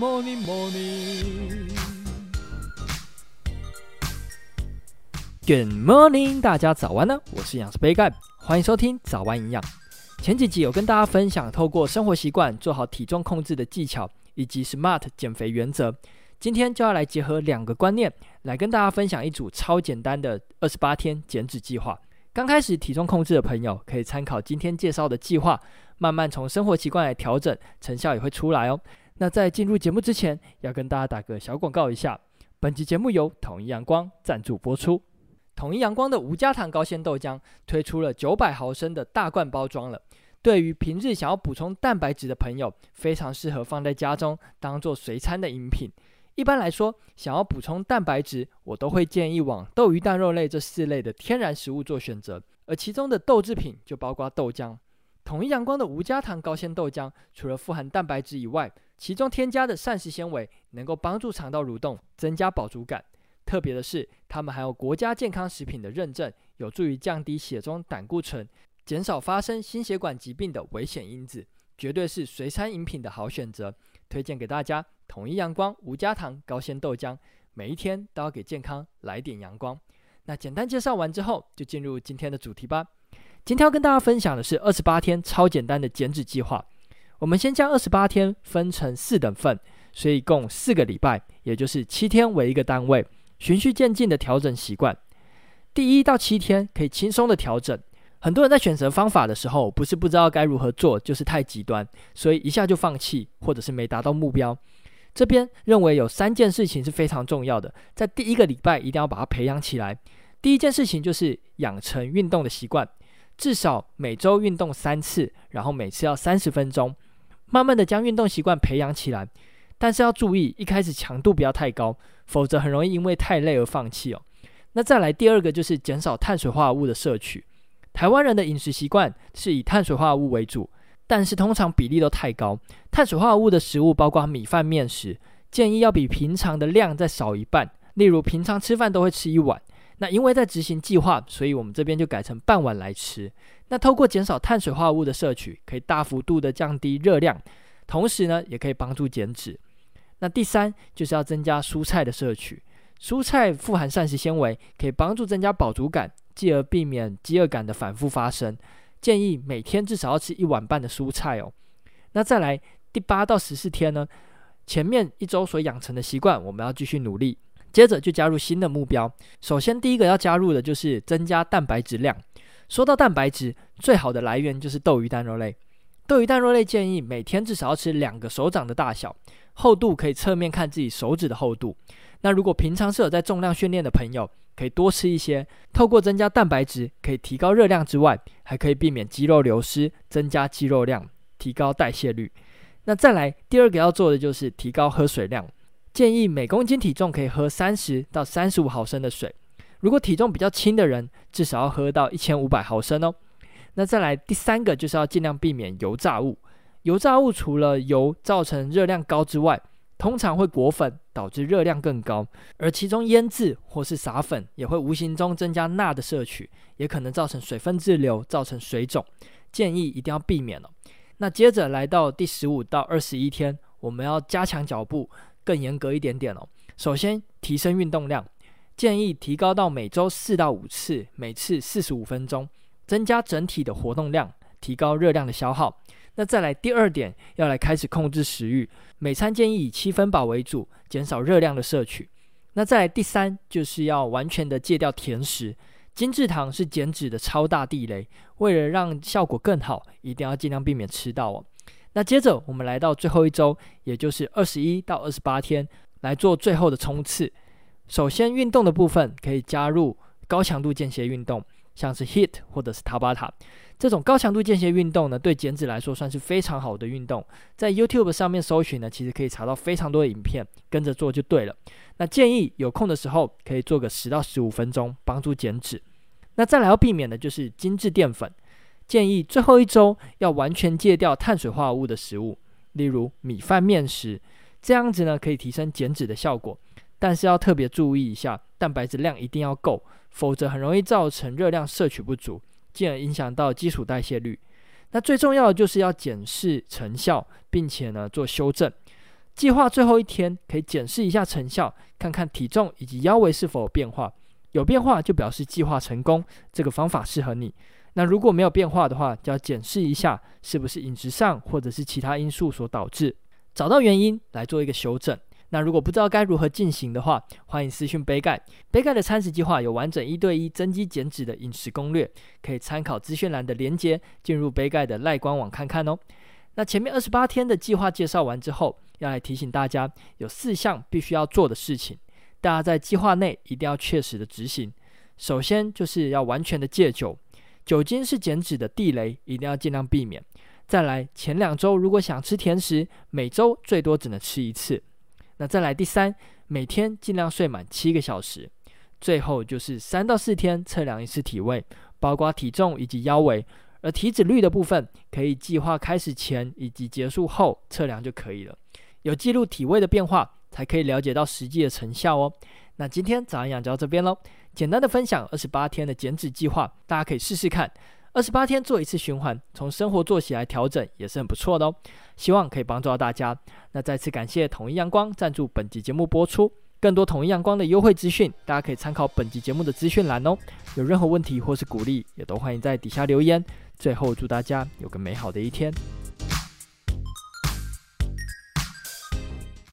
Morning, morning. Good morning, 大家早安呢！我是營養師杯蓋，歡迎收聽早安營養。前幾集有跟大家分享透過生活習慣做好體重控制的技巧，以及 smart 減肥原則。今天就要來結合兩個觀念，來跟大家分享一組超簡單的二十八天減脂計劃。剛開始體重控制的朋友，可以參考今天介紹的計劃，慢慢從生活習慣來調整，成效也會出來哦。那在進入節目之前，要跟大家打個小廣告一下。本期節目由統一陽光贊助播出。統一陽光的無加糖高纖豆漿推出了九百毫升的大罐包裝了，對於平日想要補充蛋白質的朋友，非常適合放在家中當做隨餐的飲品。一般來說，想要補充蛋白質，我都會建議往豆、魚、蛋、肉類這四類的天然食物做選擇，而其中的豆制品就包括豆漿。統一陽光的無加糖高纖豆漿，除了富含蛋白質以外，其中添加的膳食纖維能夠幫助腸道蠕動，增加飽足感。特別的是，它們還有國家健康食品的認證，有助於降低血中膽固醇，減少發生心血管疾病的危險因子，絕對是隨餐飲品的好選擇。推薦給大家，統一陽光無加糖高纖豆漿。每一天都要給健康來點陽光。那簡單介紹完之後，就進入今天的主題吧。今天要跟大家分享的是二十八天超簡單的減脂計劃。我們先將二十八天分成四等份，所以共四個禮拜，也就是七天為一個單位，循序漸進的調整習慣。第一到七天可以輕鬆地調整。很多人在選擇方法的時候，不是不知道該如何做，就是太極端，所以一下就放棄，或者是沒達到目標。這邊認為有三件事情是非常重要的，在第一個禮拜一定要把它培養起來。第一件事情就是養成運動的習慣。至少每周運動三次，然後每次要三十分鐘，慢慢地將運動習慣培養起來。但是要注意，一開始強度不要太高，否則很容易因為太累而放棄哦。那再來第二個就是減少碳水化合物的攝取。台灣人的飲食習慣是以碳水化合物為主，但是通常比例都太高。碳水化合物的食物包括米飯、麵食，建議要比平常的量再少一半。例如平常吃飯都會吃一碗。那因為在執行計劃，所以我們這邊就改成半碗來吃。那透過減少碳水化合物的攝取，可以大幅度的降低熱量，同時呢，也可以幫助減脂。那第三就是要增加蔬菜的攝取，蔬菜富含膳食纖維，可以幫助增加飽足感，進而避免飢餓感的反覆發生。建議每天至少要吃一碗半的蔬菜哦。那再來第八到十四天呢，前面一周所養成的習慣，我們要繼續努力。接着就加入新的目標。首先，第一個要加入的就是增加蛋白質量。說到蛋白質，最好的來源就是豆魚蛋肉類。豆魚蛋肉類建議每天至少要吃兩個手掌的大小，厚度可以側面看自己手指的厚度。那如果平常是有在重量訓練的朋友，可以多吃一些。透過增加蛋白質，可以提高熱量之外，還可以避免肌肉流失，增加肌肉量，提高代謝率。那再來，第二個要做的就是提高喝水量。建議每公斤體重可以喝三十到三十五毫升的水，如果體重比較輕的人，至少要喝到一千五百毫升哦。那再來第三個就是要盡量避免油炸物。油炸物除了油造成熱量高之外，通常會裹粉，導致熱量更高。而其中醃制或是撒粉也會無形中增加鈉的攝取，也可能造成水分滯留，造成水腫。建議一定要避免了哦。那接着來到第十五到二十一天，我們要加強腳步。更嚴格一點點哦。首先，提升運動量，建議提高到每周四到五次，每次四十五分鐘，增加整體的活動量，提高熱量的消耗。那再來第二點，要來開始控制食欲，每餐建議以七分飽為主，減少熱量的攝取。那再來第三，就是要完全的戒掉甜食，精致糖是減脂的超大地雷，為了讓效果更好，一定要儘量避免吃到哦。那接着我們來到最後一周，也就是二十一到二十八天來做最後的衝刺。首先，運動的部分可以加入高強度間歇運動，像是 HIIT 或者是塔巴塔。這種高強度間歇運動呢，對減脂來說算是非常好的運動。在 YouTube 上面搜尋呢，其實可以查到非常多的影片，跟着做就對了。那建議有空的時候可以做個十到十五分鐘，幫助減脂。那再來要避免的就是精致澱粉。建議最後一周要完全戒掉碳水化合物的食物，例如米飯、麵食，這樣子呢可以提升減脂的效果。但是要特別注意一下，蛋白質量一定要夠，否則很容易造成熱量攝取不足，進而影響到基礎代謝率。那最重要的就是要檢視成效，並且呢做修正。計劃最後一天可以檢視一下成效，看看體重以及腰圍是否有變化。有變化就表示計劃成功，這個方法適合你。那如果沒有變化的話，就要檢視一下是不是飲食上或者是其他因素所導致，找到原因來做一個修正。那如果不知道該如何進行的話，歡迎私訊杯蓋，杯蓋的餐食計劃有完整一對一增肌減脂的飲食攻略，可以參考資訊欄的連接進入杯蓋的賴官網看看哦。那前面二十八天的計劃介紹完之後，要來提醒大家有四項必須要做的事情，大家在計劃內一定要確實的執行。首先就是要完全的戒酒。酒精是減脂的地雷，一定要盡量避免。再來，前兩周如果想吃甜食，每周最多只能吃一次。那再來第三，每天盡量睡滿七個小時。最後就是三到四天測量一次體位，包括體重以及腰圍，而體脂率的部分可以計劃開始前以及結束後測量就可以了。有記錄體位的變化，才可以了解到實際的成效哦。那今天早安營養就到這邊嘍。簡單的分享二十八天的減脂計劃，大家可以試試看。二十八天做一次循環，從生活做起來調整也是很不錯的哦。希望可以幫助到大家。那再次感謝統一陽光贊助本集節目播出。更多統一陽光的優惠資訊，大家可以參考本集節目的資訊欄哦。有任何問題或是鼓勵，也都歡迎在底下留言。最後祝大家有個美好的一天。